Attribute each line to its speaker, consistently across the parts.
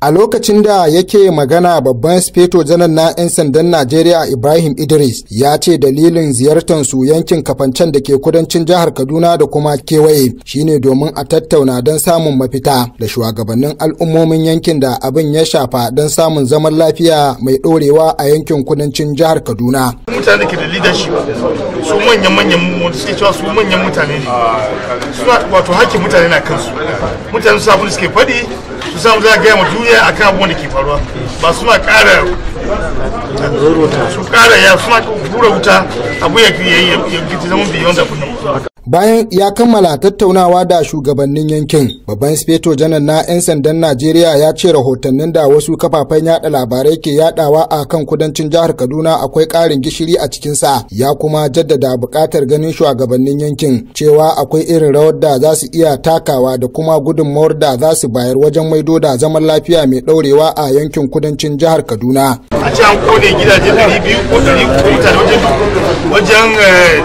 Speaker 1: a lokacin da yake magana babban speto janar na 'yan sandan najeriya ibrahim idris ya ce dalilin ziyartar su yankin kafancen da ke kudancin jihar kaduna da kuma kewaye shine domin a tattauna don samun mafita da shugabannin al'ummomin yankin da abin ya shafa don samun zaman lafiya mai ɗorewa a yankin kudancin jihar kaduna
Speaker 2: mutane ke da leadership su manyan manyan wanda suke cewa su manyan mutane ne suna wato hakkin mutane na kansu mutane su abin suke faɗi shi samu za gaya ma duniya akan abubuwan da ke faruwa ba ma ƙara su ƙara ya suna hura wuta abu ya fi yayi ya fi zama biyon da kullum
Speaker 1: bayan ya kammala tattaunawa da shugabannin yankin babban speto janar na 'yan sandan najeriya ya ce rahotannin da wasu kafafen yada labarai ke yadawa a kan kudancin jihar kaduna akwai karin gishiri a cikinsa ya kuma jaddada bukatar ganin shugabannin yankin cewa akwai irin rawar da za su iya takawa da kuma gudunmawar da za su bayar wajen maido da zaman lafiya mai ɗaurewa a yankin kudancin jihar kaduna
Speaker 2: a ce an kone gidaje 200 ko 300 ko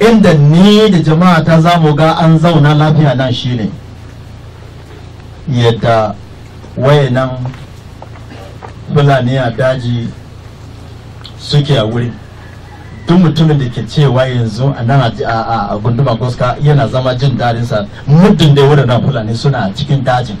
Speaker 3: inda ni da jama'a ta zamu ga an zauna lafiya nan shine yadda wayanan fulani a daji suke a wuri duk mutumin da ke cewa yanzu a nan a gunduma goska yana zama jin dadinsa muddin da nan fulani suna cikin dajin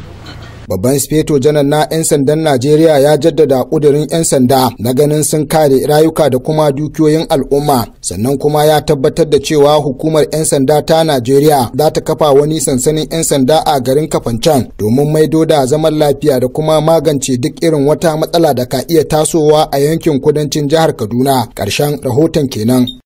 Speaker 1: babban speto janar na 'yan sandan najeriya ya jaddada kudirin 'yan sanda na ganin sun kare rayuka da kuma dukiyoyin al'umma sannan kuma ya tabbatar da cewa hukumar 'yan sanda ta najeriya za ta kafa wani sansanin 'yan sanda a garin kafancan domin maido da zaman lafiya da kuma magance duk irin wata matsala da ka iya tasowa a yankin kudancin jihar kaduna ƙarshen rahoton kenan